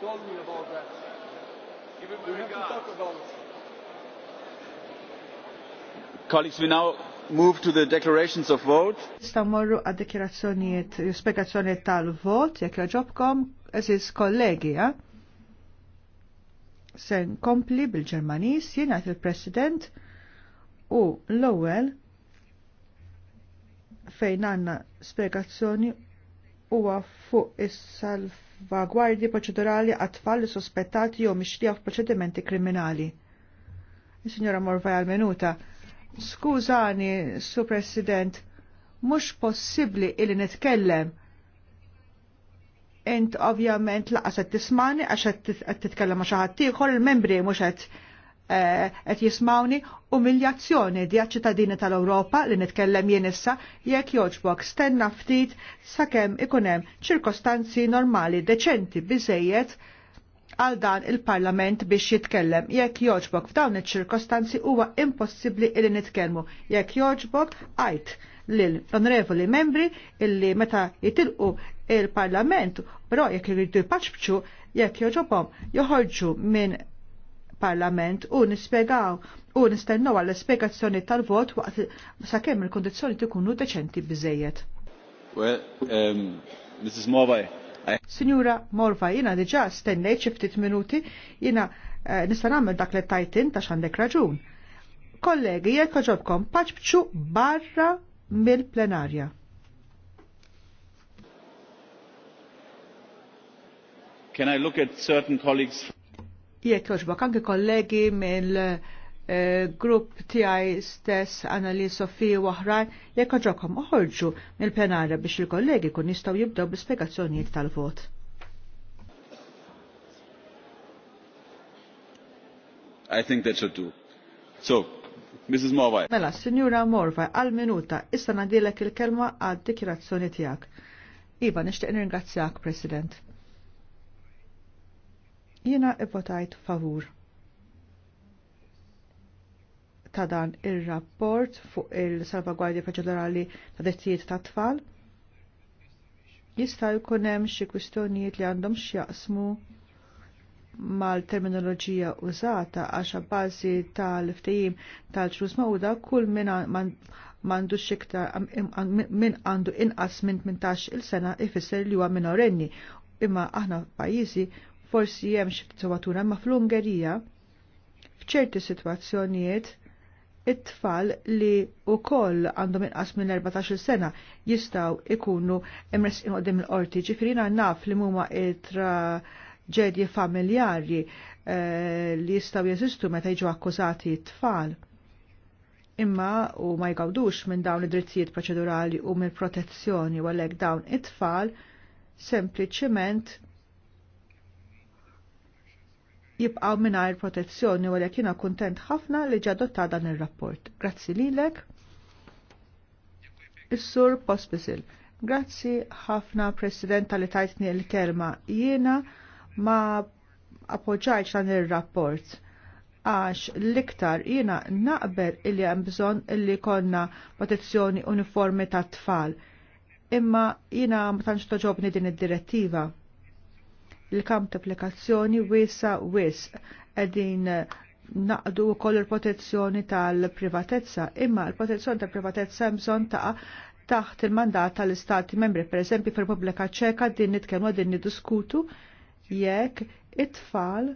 told me about that. Give him we have to talk about it. Colleagues, we now move to the declarations of vote. Sta morru għad dekirazzjoniet, spiegazzjoniet tal-vot, jek joġobkom, eżis kollegi, ja? Sen kompli bil-Ġermanis, jenat il-President, u l-ewel fejn għanna spiegazzjoni huwa fuq is-salvagwardji proċedurali għat-tfal li sospettati jew mixtieq f'proċedimenti kriminali. Is-Sinjora Morvaj għal-minuta. Skużani, Su President, mhux possibbli illi nitkellem int ovvjament laqas qed tismani għax qed titkellem ma' xi ħadd ieħor il-membri mhux qed Eh, qed jismawni umiljazzjoni di ċittadini tal-Ewropa li nitkellem jien issa jekk joġbok stenna ftit sakemm ikun hemm ċirkostanzi normali deċenti biżejjed għal dan il-Parlament biex jitkellem. Jekk joġbok f'dawn iċ-ċirkostanzi huwa impossibbli li nitkellmu. Jekk joġbok għajt l-onorevoli membri illi meta jitilqu il-Parlament, però jekk jridu jpaċbċu, jekk joġobhom joħorġu minn parlament u nispjegaw u nistennew għall spiegazzjoni tal-vot waqt sakemm il-kondizzjoni tikunu deċenti biżejjed. Well, um, Mrs. Morvay. Signora Morvay, jina diġa stennejt xi ftit minuti, jina uh, nista' nagħmel dak li tajtin ta' xandek raġun. Kollegi, jek ġobkom paċbċu barra mill-plenarja. Can I look at certain colleagues? jekk joġbok anki kollegi mill eh, grupp tiegħi stess Anali Sofija u oħrajn jekk ġokom oħorġu mill penara biex il-kollegi kun jistgħu jibdew bi spjegazzjonijiet tal-vot. I think that should do. So, Mrs. Morvaj. Mela, Signora Morvaj, għal-minuta, issa nadilek il-kelma għad dikjerazzjoni tijak. Iva, nishtiq ringrazzjak, President. Jiena ivvotajt favur ta' dan ir-rapport fuq il-salvagwardja Ġenerali ta' dettijiet ta' tfal. Jista' jkun hemm xi kwistjonijiet li għandhom x'jaqsmu mal-terminoloġija użata għax bażi tal-ftehim tal ġrus mawda kull min għandu xiktar min għandu inqas minn 18 il-sena ifisser li huwa minorenni imma aħna pajjiżi forsi hemm xi ma fl-Ungerija f'ċerti sitwazzjonijiet it-tfal li u koll għandhom inqas minn 14 sena jistaw ikunu imres inqoddim l-qorti. Ġifirina naf li muma it ġedji familjari eh, li jistaw jeżistu meta jiġu akkużati t-tfal. Imma u ma jgawdux minn dawn id-drittijiet proċedurali u mill protezzjoni u għalek dawn it-tfal sempliċement jibqaw mingħajr protezzjoni u għalhekk jiena kuntent ħafna li ġadotta dan ir-rapport. Grazzi lilek. Is-sur Pospisil. Grazzi ħafna Presidenta li tajtni l-kelma. Jiena ma appoġġajx dan ir-rapport għax l-iktar jiena naqbel illi hemm bżonn illi konna protezzjoni uniformi tat tfal. Imma jiena ma tantx toġobni din id-direttiva il-kamp ta' applikazzjoni wiesa wis qegħdin naqdu wkoll il-protezzjoni tal-privatezza, imma l-protezzjoni tal-privatezza bżonn ta' taħt il-mandat tal-Istati membri, per eżempju fil-Repubblika Ċeka din nitkellmu din niddiskutu jekk it-tfal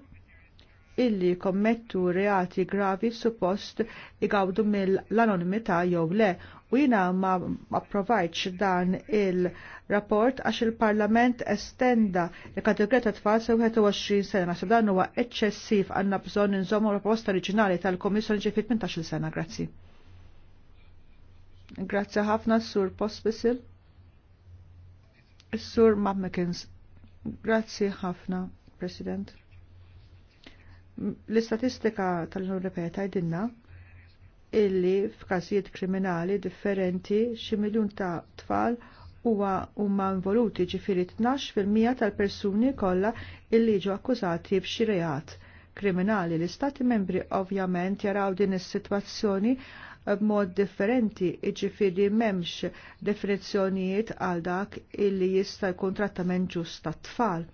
illi kommettu reati gravi suppost igawdu mill-anonimità jew le u jina ma approvajċ dan il-rapport għax il-Parlament estenda il-kategorija ta' tfal sa' 21 sena se dan huwa eċċessiv għandna bżonn inżommu proposta oriġinali tal-Komissjoni ġi fit-18 sena. Grazzi. Grazzi ħafna sur bisil. Sur Mekins. Grazzi ħafna, President. L-istatistika tal-Unjoni Ewropea jidinna illi f'każijiet kriminali differenti xi miljun ta' tfal huwa huma involuti ġifieri 12% tal-persuni kollha illi jiġu akkużati b'xi reat kriminali. L-Istati membri ovvjament jaraw din is-sitwazzjoni b'mod differenti, jiġifieri m'hemmx definizzjonijiet għal dak illi jista' jkun trattament ġust tat-tfal.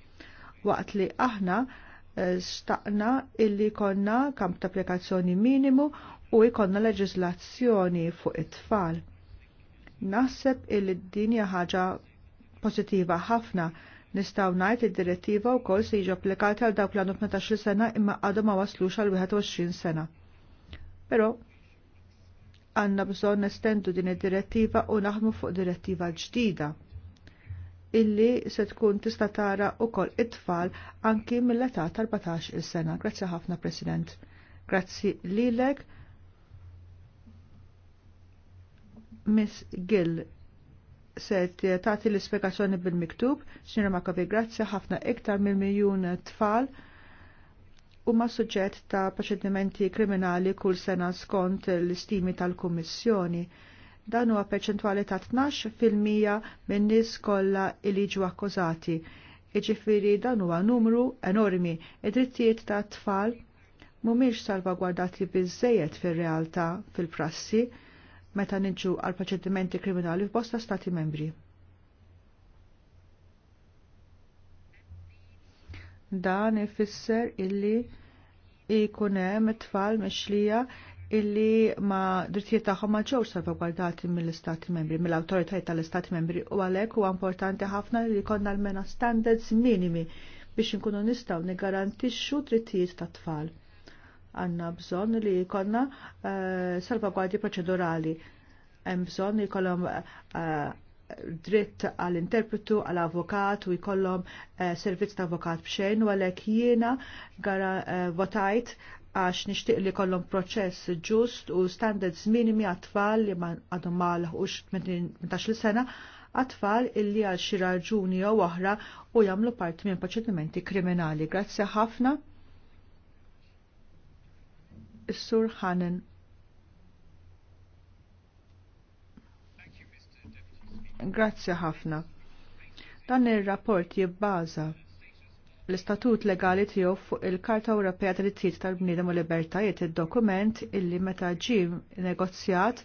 Waqt li aħna staqna illi konna kamp ta' applikazzjoni minimu u jkonna leġislazzjoni fuq it-tfal. Naħseb illi d-dinja ħaġa pozittiva ħafna Nistaw najt id-direttiva u kol se applikati għal dawk l-għandu 12 sena imma għadu ma waslux għal 21 sena. Pero, għanna bżon nestendu din id-direttiva u naħmu fuq direttiva ġdida illi se tkun tista' tara wkoll it-tfal anki mill-età tal-14 il-sena. Grazzi ħafna, President. Grazzi lilek. Miss Gill se tagħti l-ispjegazzjoni bil-miktub, Sinra Makavi, grazzi ħafna iktar mill miljun tfal ma suġġett ta' proċedimenti kriminali kull sena skont l-istimi tal-Kummissjoni. Dan huwa perċentwali ta' 12 fil-mija minn nies kollha li jiġu akkużati. Iġifieri dan huwa numru enormi. Id-drittijiet ta' tfal mhumiex salvagwardati biżejjed fir-realtà fil-prassi meta niġu għal proċedimenti kriminali f'bosta stati membri. Dan ifisser illi ikun hemm tfal mexlija illi ma drittijiet tagħhom ma ġewx salvagwardati mill-Istati Membri, mill-awtoritajiet tal-Istati Membri u għalhekk huwa importanti ħafna li jkollna almena standards minimi biex inkunu nistgħu niggarantixxu drittijiet tat-tfal. Għandna bżonn li jkollna uh, salvagwardji proċedurali. Hemm bżonn li jkollhom uh, dritt għall-interpretu, għall-avokat u jkollhom eh, servizz ta' avokat bxejn u għalhekk jiena gara eh, votajt għax nixtieq li kollom proċess ġust u standards minimi għatfall li man għadhom ma laħqux 18 sena għat-tfal illi għal xi raġuni jew oħra u jagħmlu parti minn proċedimenti kriminali. Grazzi ħafna. Is-Sur Hanen. Grazzi ħafna. Dan ir-rapport jibbaża l-istatut legali tiegħu fuq il-Karta Ewropea tal-Drittijiet tal-Bniedem u Libertajiet id-dokument illi meta ġi negozjat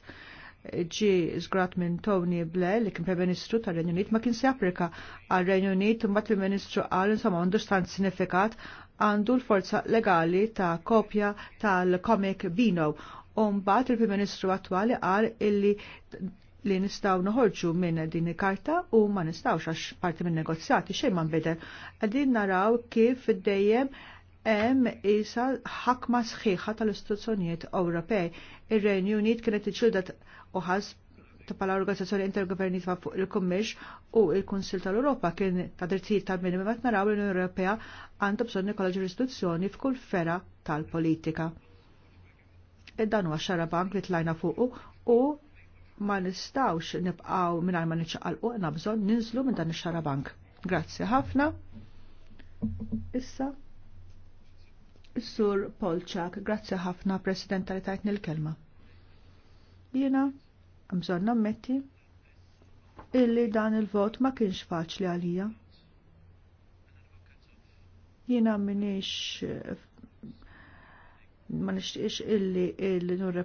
ġi żgrat minn Tony Blair li kien Prim Ministru tar-Renju Unit ma kien se japplika għal Renju Unit u mbagħad il-Ministru qal insomma għandu stant sinifikat għandu l-forza legali ta' kopja tal-Comic Bino u mbagħad il-Prim Ministru attwali qal illi li nistaw noħorġu minn din il-karta u ma nistaw għax parti minn negozjati xejn ma nbidel. Għadin naraw kif dejjem hemm isa ħakma sħiħa tal-istituzzjonijiet Ewropej. Ir-Renju Unit kienet iċilda uħas ta' pala organizzazzjoni intergovernitiva fuq il-Kummix u il-Kunsil tal-Europa kien ta' drittijiet ta' minimi ma naraw l-Unjoni Ewropea għandha bżonn ikolla ġurisdizzjoni f'kull fera tal-politika. E dan huwa xarabank bank li tlajna fuqu u ma nistawx nibqaw minn ma u għanna bżon ninżlu minn dan ix-xarabank. Grazzi ħafna. Issa. Is-sur Polċak, grazzi ħafna President tal tajtni l-kelma. Jiena, bżonn nammetti, illi dan il-vot ma kienx faċli għalija. Jiena minix ma nixtieqx illi l-Unjoni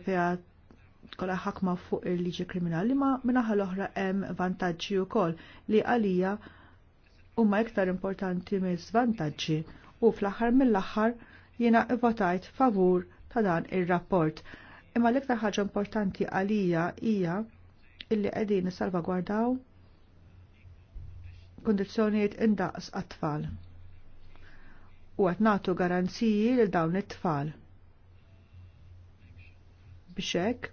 kolla ħakma fuq il-liġi kriminali ma minnaħa l-oħra hemm vantaġġi wkoll li għalija huma iktar importanti minn żvantaġġi u fl-aħħar mill-aħħar jiena votajt favur ta' dan ir-rapport. Imma l-iktar ħaġa importanti għalija hija illi qegħdin nissalvagwardaw kondizzjonijiet indaqs għat-tfal u għat natu garanziji l dawn it-tfal. Bixek,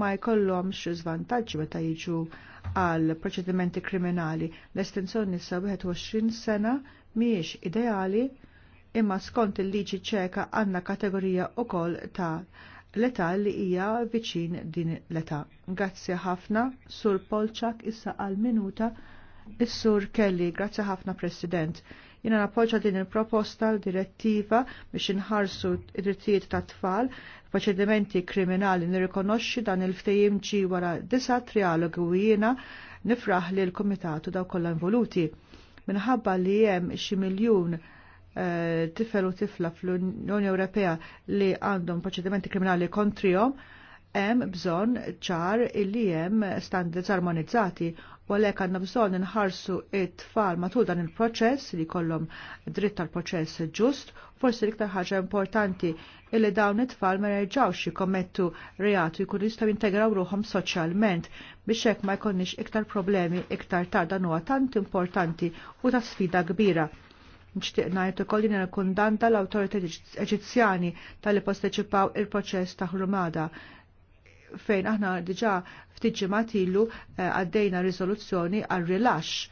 ma jkollhomx żvantaġġ meta jiġu għal proċedimenti kriminali. L-estensjoni sa 21 sena mhijiex ideali imma skont il-liġi ċeka għandna kategorija wkoll ta' l-età li hija viċin din l-età. Grazzi ħafna, Sur Polċak issa għal minuta, is-Sur Kelly, grazzi ħafna President. Jina napoġa din il-proposta l-direttiva biex inħarsu id-drittijiet ta' tfal proċedimenti kriminali nirrikonoxxi dan il-ftejim ġi wara disa trialogu jiena nifraħ li l-komitatu daw kollha involuti. Minħabba li hemm xi miljun eh, tifel u tifla fl-Unjoni Ewropea li għandhom proċedimenti kriminali kontrihom, hemm bżonn ċar li hemm standards armonizzati u għalhekk għandna bżonn inħarsu it-tfal matul dan il-proċess li kollom dritt tal-proċess ġust, forsi l-iktar ħaġa importanti illi dawn it-tfal ma jerġgħux kommettu reatu jkun jistgħu jintegraw ruhom soċjalment biex hekk ma jkollniex iktar problemi iktar tard dan huwa tant importanti u ta' sfida kbira nċtiq najt ukoll din kundanta l-awtoritajiet Eġizzjani tal-li posteċipaw il-proċess ta' rumada fejn aħna diġa ftit ġimgħat ilu eh, għaddejna rizoluzzjoni għal rilax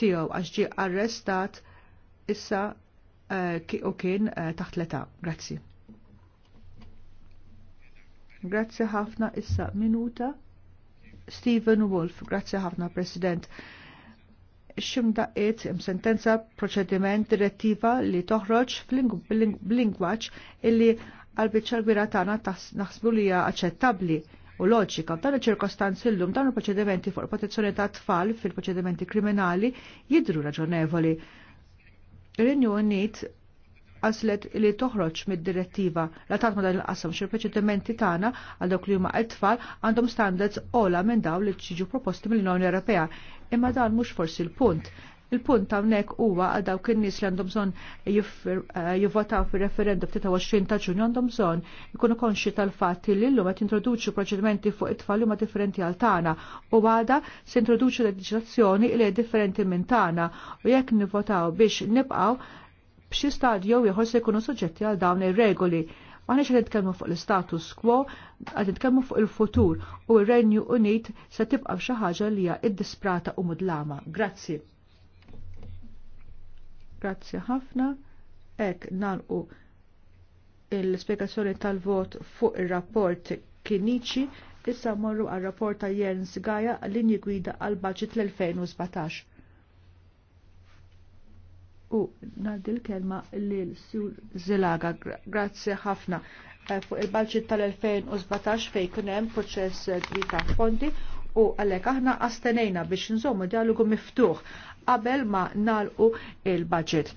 tiegħu għax ġie arrestat issa eh, u kien eh, taħt l-età. Grazzi. Grazzi ħafna issa minuta. Stephen Wolf, grazzi ħafna President ximdaqqiet sentenza proċediment direttiva li toħroġ bl-lingwaċ illi għal-bicċa l-gwira tagħna naħsbu li hija aċċettabbli u loġika f'dan il ċirkostanzi llum dawn il-proċedimenti fuq protezzjoni ta' tfal fil-proċedimenti kriminali jidru raġonevoli. Renju Unit għaslet li toħroġ mid-direttiva la tatma dan il-qasam xil proċedimenti tagħna għal dawk li huma tfal għandhom standards ola minn daw li ġiġu proposti mill-Unjoni Ewropea. Imma dan mhux forsi l-punt Il-punt hawnhekk huwa għal dawk in-nies li għandhom bżonn eh, jivvotaw fir-referendum 20 ta' Ġunju għandhom bżonn ikunu konxi tal-fatt li llum qed introduċu proċedimenti fuq it-tfal huma differenti għal tagħna u għada se introduċu leġiżlazzjoni li differenti minn tagħna u jekk nivvotaw biex nibqgħu b'xi stadju ieħor se jkunu soġġetti għal dawn ir-regoli. Maħniex għed nitkellmu fuq l-status quo, għed nitkellmu fuq il-futur u r-Renju Unit se tibqa' xi ħaġa li hija id-disprata u mudlama. Grazzi. Grazzi ħafna. Ek nalqu l-spiegazzjoni tal-vot fuq ir-rapport Kinici issa morru għal rapport ta' Jens Gaja l-inji gwida għal budget l-2017. U naddi l-kelma lil sur Zilaga, grazzi ħafna eh, fuq il-budget tal-2017 fej kunem proċess ta' fondi u għalhekk aħna astenejna biex nżommu dialogu miftuħ qabel ma nalqu il-budget.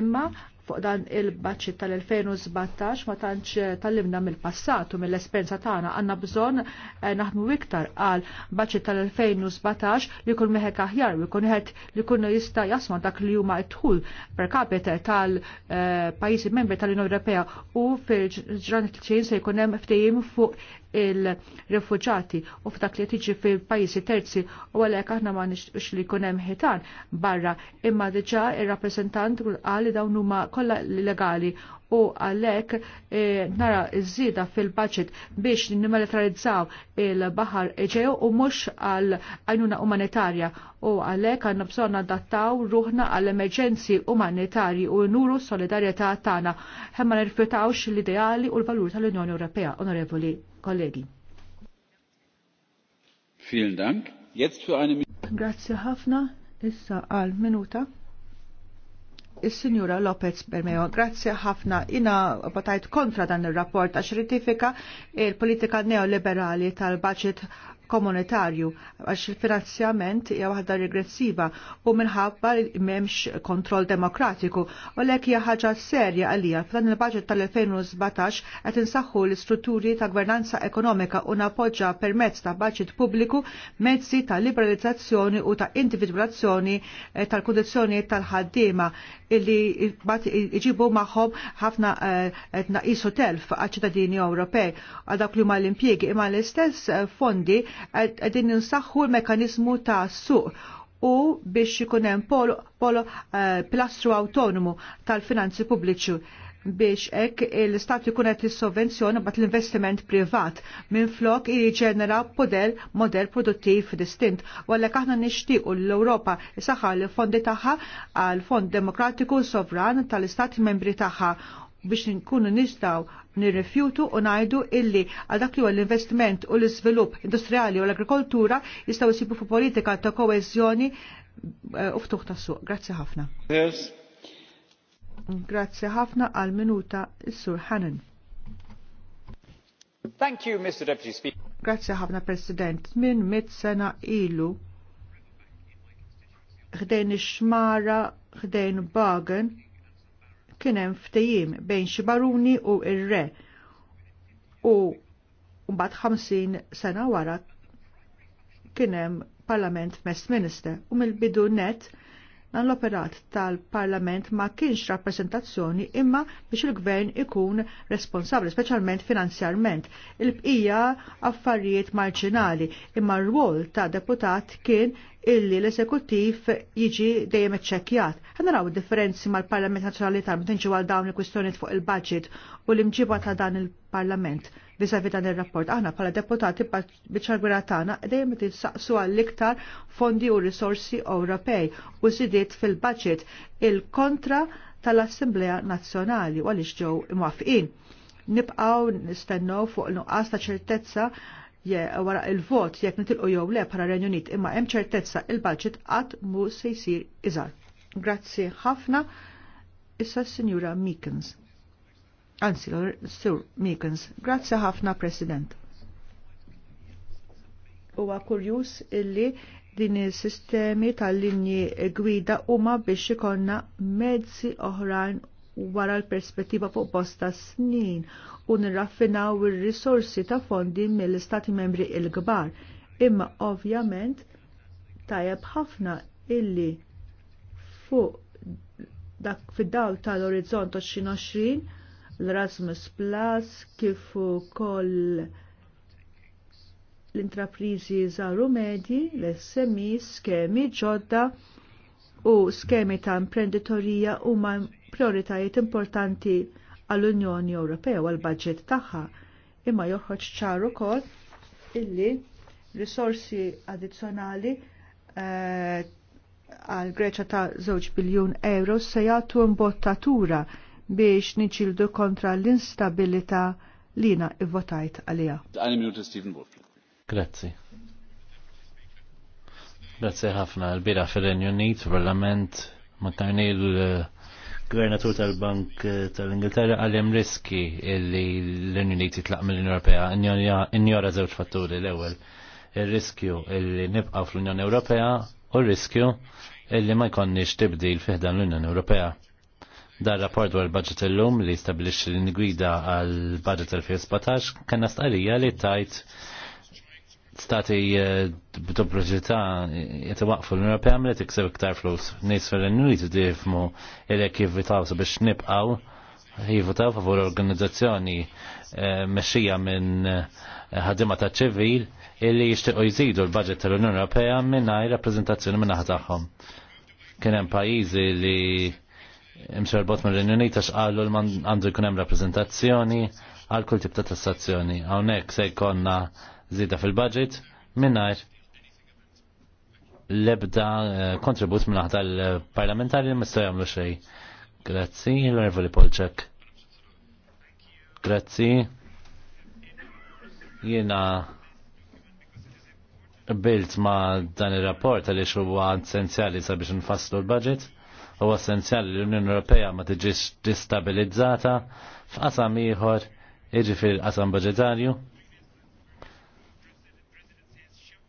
Imma fuq dan il-budget tal-2017 ma tantx tallimna mill-passat u mill espenza tagħna għandna bżonn eh, naħdmu iktar għal budget tal-2017 li jkun meħek aħjar u jkun qed li jkun jista' jasma dak li huma t-tħul per capita tal-pajjiżi eh, membri tal-Unjoni Ewropea u fil ġranet il-ċin se jkun hemm ftehim fuq il-refuġati u f'dak li tiġi fil-pajjiżi terzi u għalhekk aħna ma nix li jkun hemm ħitan barra imma diġà ir-rappreżentant qal li dawn huma kollha legali u għalhekk eh, nara ż żieda fil-budget biex nimilitarizzaw il-baħar Eġew u mhux għal għajnuna umanitarja u għalhekk għandna bżonn adattaw ruħna għall emerġenzi umanitarji u nuru solidarjetà tagħna ħemma nirrifjutawx l-ideali u l-valur tal-Unjoni Ewropea. Onorevoli kollegi. Vielen Dank. Jetzt für eine Grazie ħafna. Issa għal minuta. Is-Sinjura Lopez Bermeo, grazie ħafna. Ina votajt kontra dan ir rapport għax ritifika il-politika neoliberali tal-budget komunitarju għax il-finanzjament hija waħda regressiva u minħabba li m'hemmx kontroll demokratiku u lek hija ħaġa serja għalija f'dan il baġit tal-2017 qed insaħħu l-istrutturi ta' gvernanza ekonomika u napoġġa permezz ta' baġit pubbliku mezzi ta' liberalizzazzjoni u ta' individwazzjoni eh, tal-kundizzjoni tal-ħaddiema illi iġibu magħhom ħafna eh, naqisu telf għal ċittadini Ewropej għal dak li huma l-impjiegi imma l-istess eh, fondi għedin nsaħħu l-mekanizmu ta' suq u biex ikun hemm polo, polo uh, eh, plastru autonomu tal-finanzi pubbliċi biex ek l-istat ikun qed is-sovvenzjoni bat l-investiment privat minn flok jiġġenera model model produttiv distint. U għalhekk aħna nixtiequ l-Ewropa isaħħa l-fondi tagħha għal fond demokratiku sovran tal-istati membri tagħha biex nkunu nistaw nirrifjutu u najdu illi għadak li l-investiment u l svilup industriali u l-agrikoltura jistaw jisibu fu politika ta' koezjoni eh, u ftuħ ta' suq Grazie ħafna. Grazie ħafna għal minuta il sur Hannan. Thank you, Mr. Deputy Speaker. Grazie ħafna, President. Min mit sena ilu ħdejn ix-xmara, ħdejn Bagen, kien hemm bejn xi baruni u ir re u mbagħad 50 sena wara kien hemm Parlament Westminster u mill-bidu net dan l-operat tal-Parlament ma kienx rappresentazzjoni imma biex il-Gvern ikun responsabli, speċjalment finanzjarment. Il-bqija affarijiet marġinali imma r wol ta' deputat kien illi l-eżekuttiv jiġi dejjem iċċekkjat. Ħanaraw differenzi mal-Parlament Nazzjonali tal-mtinġu għal dawn il-kwistjoniet fuq il-budget u l-imġiba ta' dan il-Parlament vizavi dan ir-rapport. Aħna bħala deputati biċ-ċarbira tagħna dejjem saqsu għall-iktar fondi u risorsi Ewropej u zidiet fil-budget il-kontra tal-Assemblea Nazzjonali u għaliex ġew imwafqin. Nibqgħu nistennew fuq nuqqas ta' ċertezza wara il-vot jekk nitilqu jew le bħala Renju Unit imma hemm ċertezza il-budget qatt mu se jsir iżgħar. Grazzi ħafna issa Signora sinjura Meekins. Anzi, Sir Meekins, grazzi ħafna President. Huwa kurjus illi din is-sistemi tal-linji gwida huma biex ikonna mezzi oħrajn wara l-perspettiva fuq bosta snin u nirraffinaw ir-risorsi ta' fondi mill-Istati membri il-kbar. Imma ovvjament tajab ħafna illi fuq dak fid-dawl tal-orizzont 2020 l-Erasmus Plus kif ukoll l-intraprizi żaru medji, l-SMI, skemi ġodda u skemi ta' imprenditorija huma prioritajiet importanti għall-Unjoni Ewropea u għall-budget tagħha imma joħroġ ċar ukoll illi risorsi addizzjonali eh, għal Greċa ta' 2 biljun euro se jagħtu imbottatura biex niċildu kontra l-instabilita li jina votajt għalija. Għani minuta Stephen Wolf. Grazzi. Grazzi ħafna l-bira fil-Renju Unit, parlament, matajni l-Gvernatur tal-Bank tal-Ingilterra għaljem riski illi l-Renju Unit jitlaq mill-Unjoni Ewropea injora żewġ fatturi l-ewwel. Ir-riskju illi nibqa' fl-Unjoni Ewropea u r-riskju illi ma jkonniex tibdil fiħdan l-Unjoni Ewropea Dar rapport dwar budget illum li stabilix l-ingwida għal budget 2017 kena stqarija li tajt stati eh, eh, jete waqfu l-Europea għamli tikseb iktar flus. Nis fil d difmu il-ek jivvitaw biex nibqaw jivvitaw favur organizzazzjoni eh, meċxija minn ħadima ta' ċivil illi jixtiequ jżidu l-budget tal-Unjoni Ewropea mingħajr rappreżentazzjoni minn tagħhom. Kien hemm pajjiżi li Imxar bot ma' rinjoni unjoni taxqalu l-man għandu jkun hemm rappreżentazzjoni għal kull tip ta' tassazzjoni. Hawnhekk se jkollna zida fil-budget mingħajr l-ebda eh, kontribut minn aħdar l-parlamentari li mistaw jagħmlu xejn. Grazzi, l-Onorevoli Polċek. Grazzi. Jiena bilt ma dan ir rapport għaliex huwa essenzjali sabiex nfasslu l-budget u essenzjali li l-Unjoni Ewropea ma tiġix distabilizzata f'qasam ieħor jiġifieri qasam budġetarju.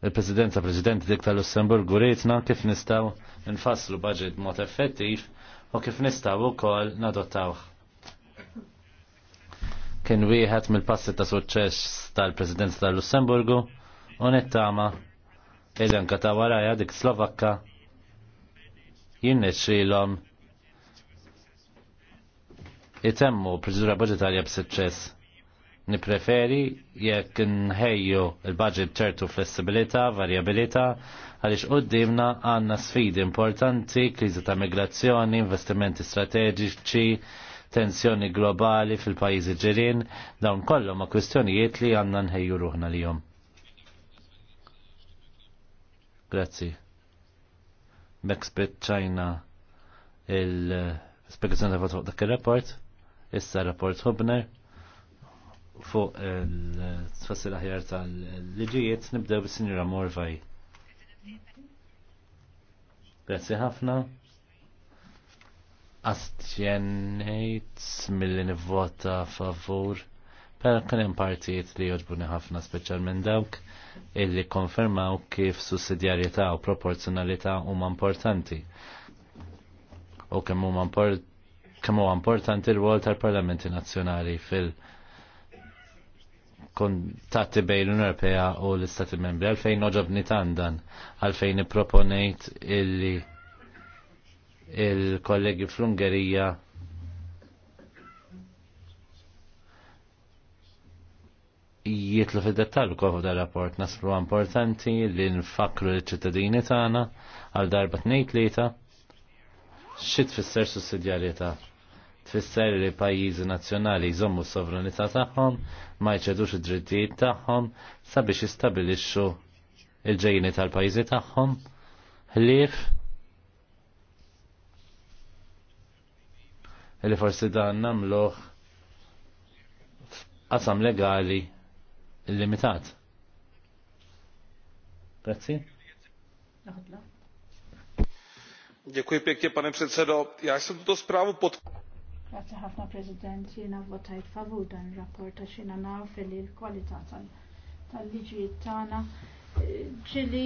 Il-Presidenza Presidenti dik tal-Lussemburgu rietna kif nistgħu nfasslu budget mod effettiv u kif nistgħu wkoll nadottawh. Kien wieħed mill-passi ta' suċċess tal-Presidenza tal-Lussemburgu u nittama il-anka ta' waraja dik Slovakka jinnexxilhom jitemmu proċedura budgetarja b'suċċess. Nipreferi jekk nħejju il-budget ċertu flessibilità, varjabilità, għaliex qoddimna għandna sfidi importanti, kriżi ta' migrazzjoni, investimenti strateġiċi, tensjoni globali fil-pajjiżi ġirin, dawn kollu ma' kwistjonijiet li għandna nħejju ruħna jom. Grazzi. Bekspit China il spekazzjoni ta' fuq dak il-rapport, issa rapport Hubner fuq il-tfassil aħjar tal-liġijiet nibdew bis-sinjura Morvaj. Grazzi ħafna. Astjenejt mill-li nivvota favur Per kien hemm partijiet li jogħġbuni ħafna minn dawk illi konfermaw kif sussidjarjetà u proporzjonalità huma importanti. U kemm huma kemm huwa importanti r-rwol tal-Parlamenti Nazzjonali fil- kontatti bejn l-Unjoni Ewropea u l-Istati Membri għalfejn noġobni tandan għalfejn ipproponejt illi il-kollegi fl-Ungerija jitlu fid dettalju kofu da rapport naslu importanti li nfakru l-ċittadini tagħna għal darba tnejn tlieta xi tfisser sussidjarjetà. Tfisser li pajjiżi nazzjonali jżommu s-sovranità tagħhom, ma jċedux id-drittijiet tagħhom sabiex jistabilixxu il-ġejni tal-pajjiżi tagħhom ħlief li forsi dan nagħmluh qasam legali limitat. Grazzi. Děkuji pěkně, pane předsedo. Já jsem tuto zprávu pod... Grazie ħafna President, jiena votajt favur dan il-rapport għax jiena naf li l-kwalità tal-liġijiet tagħna eh, ġili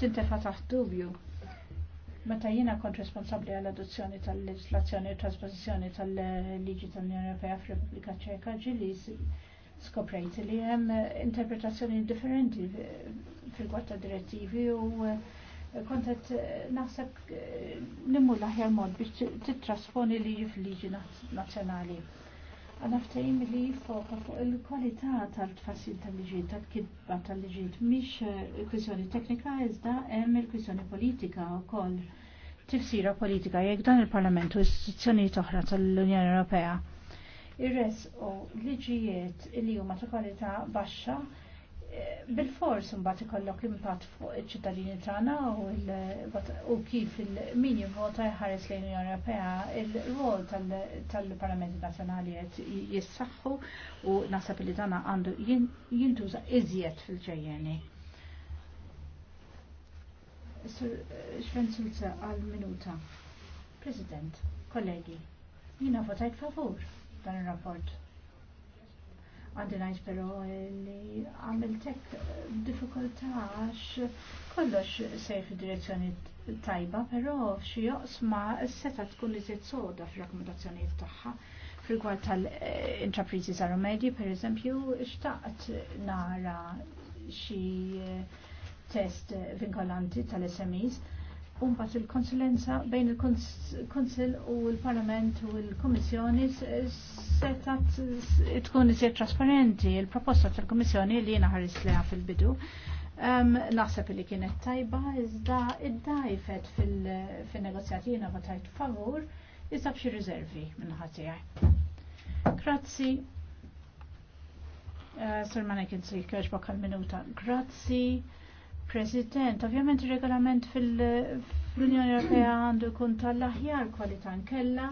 tintefa' taħt dubju. Meta jiena kont responsabbli għall adozzjoni tal-leġislazzjoni u trasposizzjoni tal-liġi tal-Unjoni Ewropea f'Repubblika Ċeka ġili skoprejt li hemm interpretazzjoni differenti fil-gwatta direttivi u eh, kontet eh, naħseb eh, nimmu l-aħjar mod biex titrasponi li fil-liġi nazzjonali. Għana ftajim li foka fuq il-kwalità tal-tfassil tal-liġiet, tal-kidba tal-liġiet, miex kwistjoni teknika, iżda hemm il-kwistjoni politika u koll tifsira politika jekk dan il-Parlament u istituzzjonijiet oħra tal-Unjoni Ewropea irres u liġijiet li huma ta' kwalità baxxa eh, bil-fors mbagħad ikollok impatt fuq iċ-ċittadini tagħna u kif il min jivvota jħares lejn l-Unjoni Ewropea il rwol tal-Parlamenti Nazzjonali qed jissaħħu u naħseb li tagħna għandu jintuża iżjed fil-ġejjeni. Eh, Sven Sulza għal minuta. President, kollegi, jina votajt favur dan il-rapport. Għandi najt pero li għamiltek diffikultà għax kollox sejf direzzjoni tajba, pero xie joqsma s-seta tkun iżiet soda fil-rakkomandazzjonijiet tagħha fil-gwar tal-intrapriżi zaromedi, per eżempju, xtaqt nara xi eh, test vinkolanti tal-SMEs Unbat il-konsulenza bejn il-Konsil u l-Parlament u l-Komissjoni setat tkun isir trasparenti il-proposta tal-Komissjoni li jena ħaris leha fil-bidu. Naħseb li kienet tajba, iżda id-dajfet fil-negozjati jina batajt favur, iżda bxie rizervi minnħatijaj. Grazzi. Eh, Sir Manekin, si kħeġbok għal-minuta. Grazzi President, ovvjament il-regolament fil-Unjoni Ewropea għandu jkun tal-aħjar kwalità nkella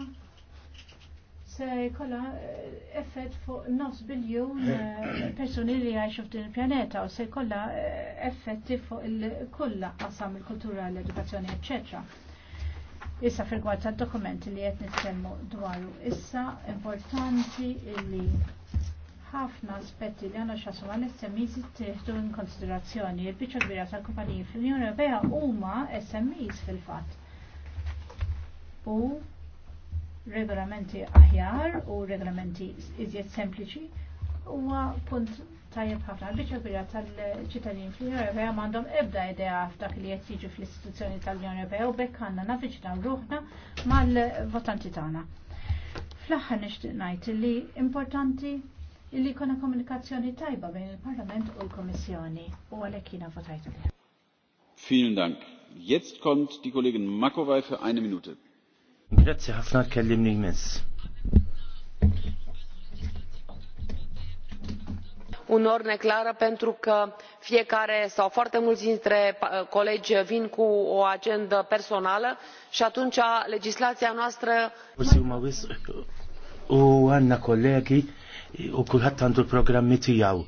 se jkollha eh, effett fuq nofs biljun eh, persuni li jgħixu f'din il-pjaneta u se jkollha eh, effetti fuq il-kulla qasam il-kultura, l-edukazzjoni, eccetera. Issa fil-gwad dokumenti li qed nitkellmu dwaru issa importanti li ħafna aspetti li għanna xasum għal SMEs jittieħdu in konsiderazzjoni. il bicċa kbira tal-kumpaniji fl-Unjoni Ewropea huma SMEs fil-fatt. U regolamenti aħjar u regolamenti iżjed sempliċi huwa punt tajjeb ħafna. Biċċa kbira tal-ċittadini fl-Unjoni Ewropea m'għandhom ebda idea f'dak li qed jiġu fl-istituzzjoni tal-Unjoni Ewropea u bekk għandna nafiċna ruħna mal-votanti tagħna. Fl-aħħar nixtieq ngħid li importanti illi kona komunikazzjoni tajba bejn il-Parlament u l-Kommissjoni u għalek jina votajtu li. Vielen Dank. Jetzt kommt die Kollegin Makovej für eine Minute. Grazie, ħafna kellim jmiss. un or neclară pentru că fiecare sau foarte mulți dintre uh, colegi vin cu o agendă personală și atunci legislația noastră. u għandna kollegi u kulħadd għandu l-programmi tiegħu.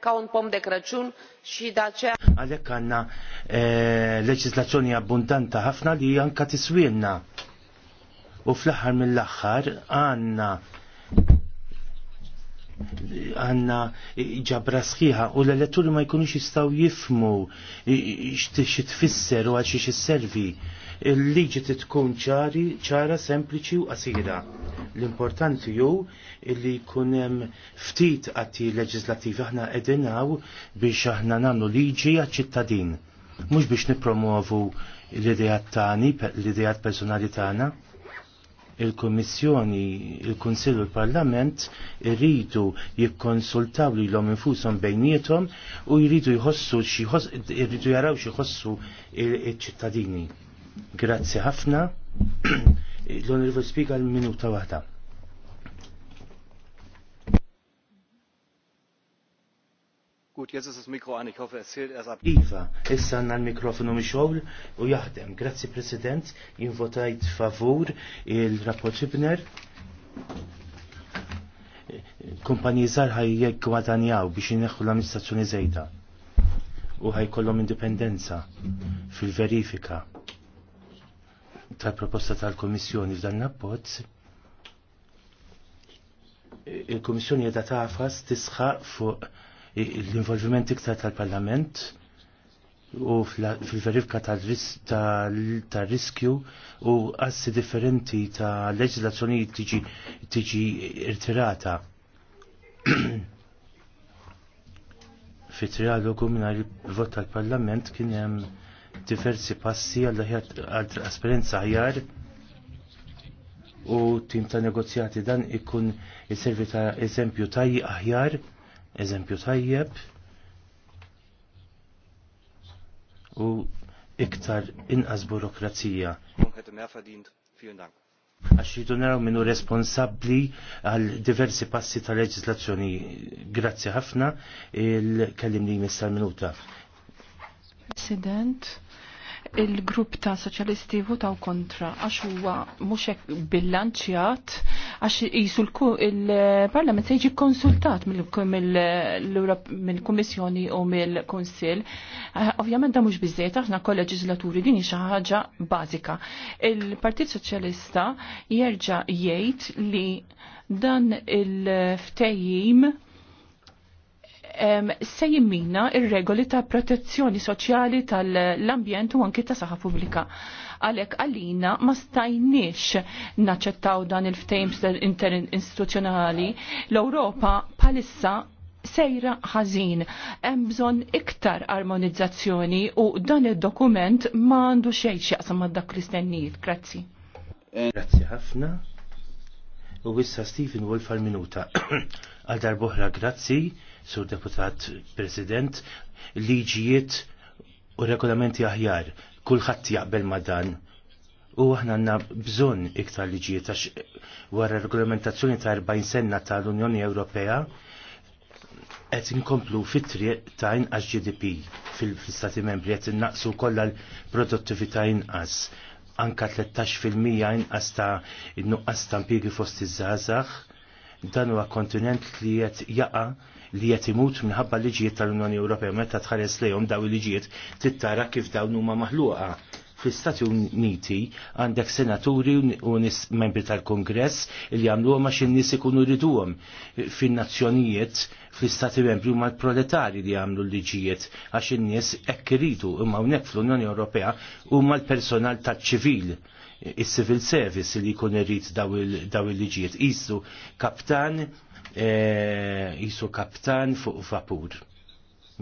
Ka un pom de Kraċun xi daċe. Għalhekk għandna eh, leġislazzjoni abbundanta ħafna li anka tiswienna. U fl-aħħar mill-aħħar għandna għanna ġabra sħiħa u l-elettori ma jkunux jistaw jifmu xie tfisser u għaxi xie servi. Il-liġi tkun ċari, ċara, sempliċi u qasira. L-importanti ju li kunem ftit għati leġislativi aħna edinaw biex aħna nannu liġi għal-ċittadin. Mux biex nipromuovu l-idejat tani, l-idejat personali tana. Ta il kommissjoni il kunsill u l-Parlament irridu jikkonsultaw li l-om infusom bejnietom u jridu jħossu jridu jaraw xieħossu il-ċittadini. Grazzi ħafna. L-Onorevol l minuta waħda. Gut, jetzt ist das Mikro an, ich hoffe es zählt erst ab. Iva, issa għanna l-mikrofonu mixol u jaħdem. Grazzi President, jinvotajt favur il-rapport Hibner. Kumpanji hai ħaj gwadanjaw biex jineħħu l-amministrazzjoni zejda u ħajkollhom indipendenza fil-verifika tal-proposta tal-Komissjoni f'dan napoz il-Komissjoni qiegħda tafas tisħaq fuq l-involviment iktar tal-Parlament u fil-verifika tal-riskju u assi differenti ta' leġislazzjoni tiġi irtirata. Fit-trialogu minna il-vot tal-Parlament kien hemm diversi passi għal trasparenza ħjar u tim ta' negozjati dan ikun jisservi ta' eżempju tajji aħjar eżempju tajjeb u iktar inqas burokrazija. Għax jidu naraw minnu responsabli għal diversi passi ta' leġislazzjoni. Grazzi ħafna il li mistal minuta. President, il-grupp ta' soċjalisti votaw kontra għax huwa mhux hekk bilanċjat għax qisu il-Parlament se jiġi konsultat mill-Kummissjoni u mill-Kunsill. Eh, ovvjament da mhux biżejjed aħna kol-leġislaturi din xi ħaġa bażika. Il-Partit Soċjalista jerġa' jgħid li dan il-ftejjim se jimmina il regoli ta' protezzjoni soċjali tal-ambjent u anki ta' saħħa pubblika. Għalek għalina ma stajniex naċċettaw dan il ftejms interinstituzzjonali l-Ewropa palissa sejra ħażin. Hemm bżonn iktar armonizzazzjoni u dan id-dokument m'għandu xejn x'jaqsam ma' dak li stennijiet. Grazzi. Grazzi ħafna. U issa Stephen Wolf għal-minuta. Għal darbohra grazzi sur deputat president, liġijiet u regolamenti aħjar. Kulħadd jaqbel ma dan. U aħna għandna bżonn iktar liġijiet għax wara regolamentazzjoni ta' 40 senna tal-Unjoni Ewropea qed inkomplu fit-triq ta' inqas GDP fil-Stati Membri qed innaqsu kollha l-produttività inqas anka 13% inqas ta' nuqqas ta' impjiegi fost iż-żgħażagħ Dan huwa kontinent li qed jaqa' li qed imut minħabba liġijiet tal-Unjoni Ewropea meta tħares lejhom daw il-liġijiet tittara kif dawn huma maħluqa fl-Istati Uniti għandek senaturi u nis membri tal-Kongress li għamlu għom in nis ikunu riduhom fin-nazzjonijiet fl-Istati membri huma l-proletari li għamlu l-liġijiet għax in-nies ekkiritu imma hawnhekk fl-Unjoni Ewropea huma l-personal tal-ċivil il-civil service li jkun irrid daw il-liġijiet. Isu kaptan, e, isu kaptan fuq vapur.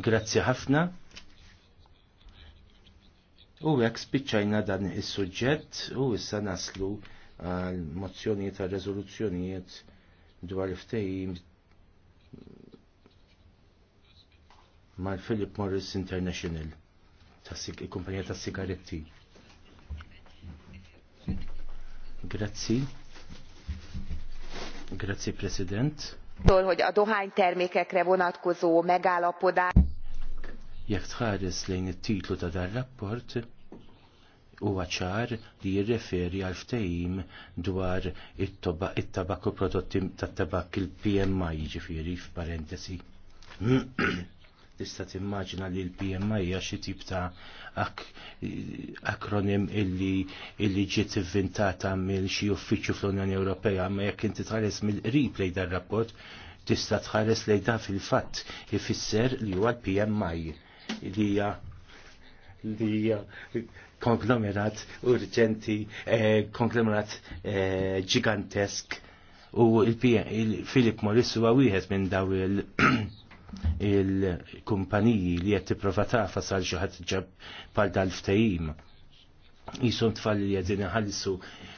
Grazzi ħafna. U hekk spiċċajna dan is-suġġett u issa naslu għal mozzjonijiet għal rezoluzzjonijiet dwar il mal-Philip Morris International, ta' kumpanija ta' sigaretti. Grazzi. Grazzi, President. Tól, hogy a termékekre vonatkozó megállapodás. Jekk tħares lejn it-titlu ta' dar rapport, huwa ċar li jirreferi għal ftehim dwar it-tabakku prodotti tat-tabak il-PMI ġifieri f'parentesi. tista' timmaġina li l-PMI hija xi tip ta' ak akronim illi, illi ġiet ivvintata mill xi uffiċċju fl-Unjoni Ewropea, ma jekk inti tħares mill replay dar rapport tista' tħares lejn dan fil-fatt ifisser li huwa l-PMI li hija li hija konglomerat urġenti, eh, konglomerat eh, ġigantesk gigantesk u il-Philip Morris huwa wieħed minn daw il il-kumpaniji li qed tipprova tafa sal xi ħadd ġab bħal dal ftajim Jisum tfal li għedin ħallisu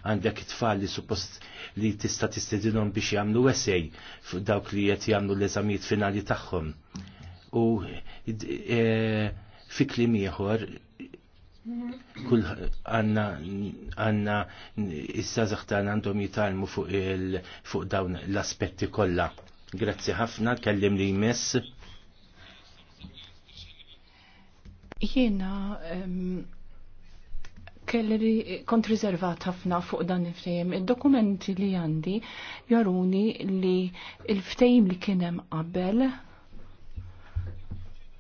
għandek tfal li suppost li tista tistedinhom biex jagħmlu essej fuq dawk li qed jagħmlu l-eżamijiet finali tagħhom. U e, fikli klim kull għanna għanna issa zaħtan għandhom jitalmu fuq dawn l-aspetti kollha Grazzi ħafna, kellim li jmess. Jiena um, kelli kont rizervat ħafna fuq dan il ftejem il dokumenti li għandi jaruni li il ftejem li kienem qabel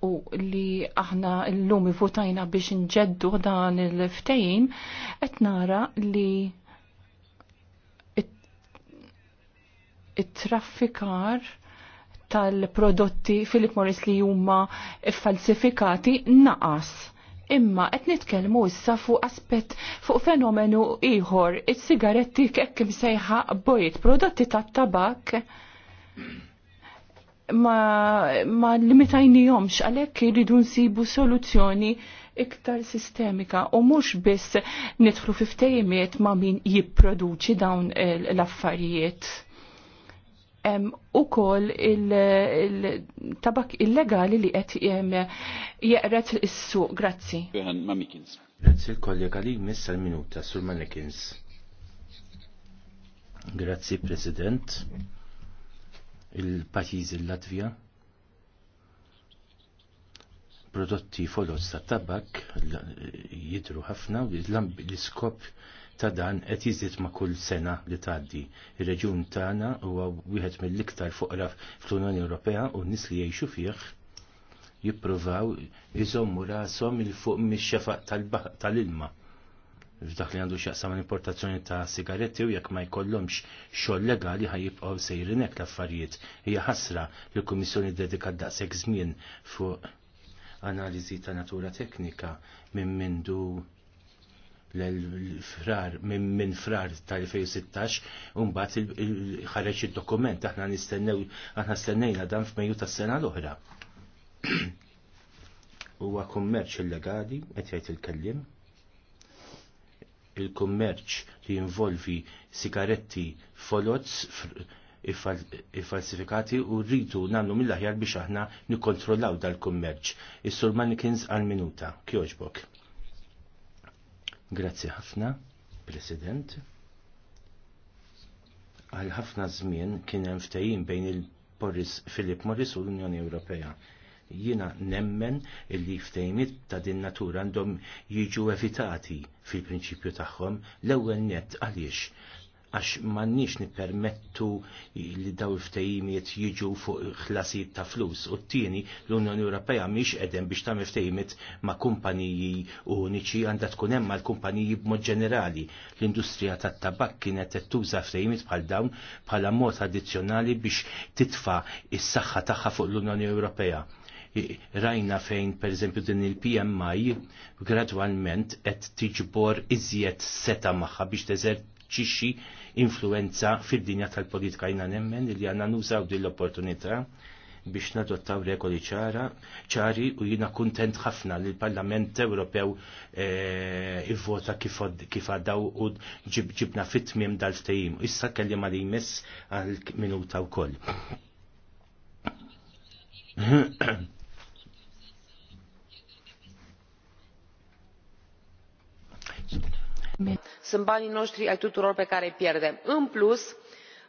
u li aħna l lumi votajna biex nġeddu dan il-ftejim, etnara li it-traffikar tal-prodotti Philip Morris li huma falsifikati naqas. Imma qed nitkellmu issa fuq aspett fuq fenomenu ieħor, is-sigaretti kekk imsejħa bojt, prodotti tat-tabak ma, ma limitajnijomx għalhekk iridu nsibu soluzzjoni iktar sistemika u mhux biss nidħlu fiftejmiet ma' min jipproduċi dawn l-affarijiet u kol il-tabak illegali li qed jeqret is-suq. Grazzi. Grazzi l-kollega li missa l-minuta sur Mannikins. Grazzi President. il pajiz il latvija prodotti folos ta' tabak jidru ħafna l-iskop ta' dan qed jiżid ma' kull sena li tgħaddi. Ir-reġjun tagħna huwa wieħed mill-iktar foqra fl-Unjoni Ewropea u n-nies li jgħixu fih jippruvaw iżommu rashom il fuq mix-xefaq tal-ilma. F'dak li għandu x'jaqsam l-importazzjoni ta' sigaretti u jekk ma jkollhomx xogħol legali ħaj jibqgħu sejrin hekk l-affarijiet. Hija ħasra li l-Kummissjoni dedikat daqshekk żmien fuq analiżi ta' natura teknika minn mindu l-frar minn frar tal-2016 unbat ħareġ il-dokument aħna nistennew aħna stennejna dan f'Mejju tas-sena l-oħra. Huwa kummerċ illegali qed jgħid il-kellim. Il-kummerċ li involvi sigaretti folots i-falsifikati u rridu nagħmlu mill-aħjar biex aħna nikkontrollaw dal-kummerċ. Is-Sur Manikins għal-minuta. Kjoġbok. Grazzi ħafna, President. Għal ħafna żmien kien hemm ftehim bejn il-Boris Filip Morris u l-Unjoni Ewropea. Jiena nemmen illi ftehimiet ta' din natura għandhom jiġu evitati fil-prinċipju tagħhom l-ewwel nett għaliex għax mannix nipermettu li daw il jiġu fuq ħlasijiet ta' flus. U t-tieni l-Unjoni Ewropea miex edem biex tagħmel ftejimiet ma' kumpaniji uniċi għandha tkun hemm mal kumpaniji b'mod ġenerali. L-industrija tat-tabak kienet qed tuża ftejimiet bħal dawn bħala mod addizzjonali biex titfa' is-saħħa tagħha fuq l-Unjoni Ewropea rajna fejn per eżempju din il-PMI gradwalment qed tiġbor iżjed seta magħha biex teżerċixxi influenza fid-dinja tal-politika jina nemmen li għanna nużaw din l-opportunità biex nadottaw regoli ċara, ċari u jina kontent ħafna li l-Parlament Ewropew eh, ivvota kif għaddaw u ġibna fit-tmim dal-ftejim. Issa kelli ma li jmiss għal-minuta u koll. Thank you sunt banii noștri ai tuturor pe care îi pierdem. în plus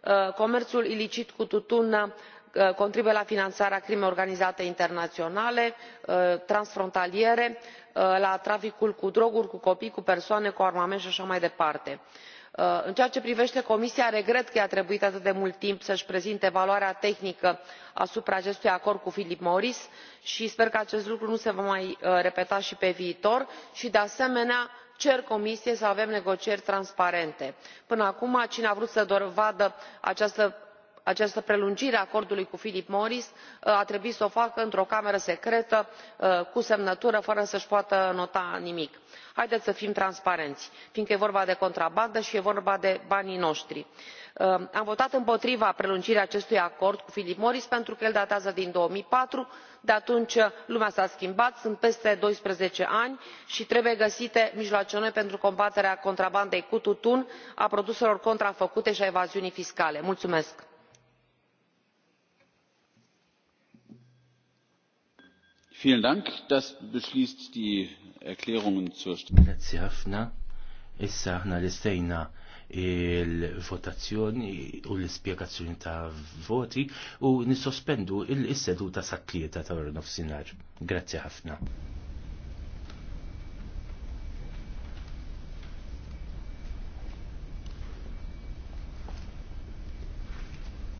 uh, comerțul ilicit cu tutun uh, contribuie la finanțarea crimei organizate internaționale uh, transfrontaliere la traficul cu droguri cu copii cu persoane cu armament și așa mai departe. Uh, în ceea ce privește comisia regret că i a trebuit atât de mult timp să își prezinte evaluarea tehnică asupra acestui acord cu philip morris și sper că acest lucru nu se va mai uh, repeta și pe viitor și de asemenea cer comisiei să avem negocieri transparente. până acum cine a vrut să vadă această această prelungire a acordului cu philip morris uh, a trebuit să o facă într o cameră secretă uh, cu semnătură fără să își poată nota nimic. haideți să fim transparenți fiindcă e vorba de contrabandă și e vorba de banii noștri. Uh, am votat împotriva prelungirii acestui acord cu philip morris pentru că el datează din două mii patru de atunci lumea s a schimbat sunt peste doisprezece ani și trebuie găsite mijloace noi pentru combaterea contrabandei cu tutun a produselor contrafăcute și a evaziunii fiscale. mulțumesc. Vielen Dank. Das beschließt die Erklärungen zur Stimme. Grazie ħafna. Issa ħna l-istejna il-votazzjoni u l spiegazzjoni ta' voti u nissospendu il-seduta sakkieta ta' ta' nofsinhar. Grazzi ħafna.